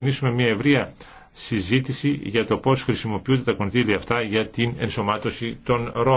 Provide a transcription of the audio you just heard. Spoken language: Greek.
ξεκινήσουμε μια ευρεία συζήτηση για το πώς χρησιμοποιούνται τα κονδύλια αυτά για την ενσωμάτωση των Ρώμων.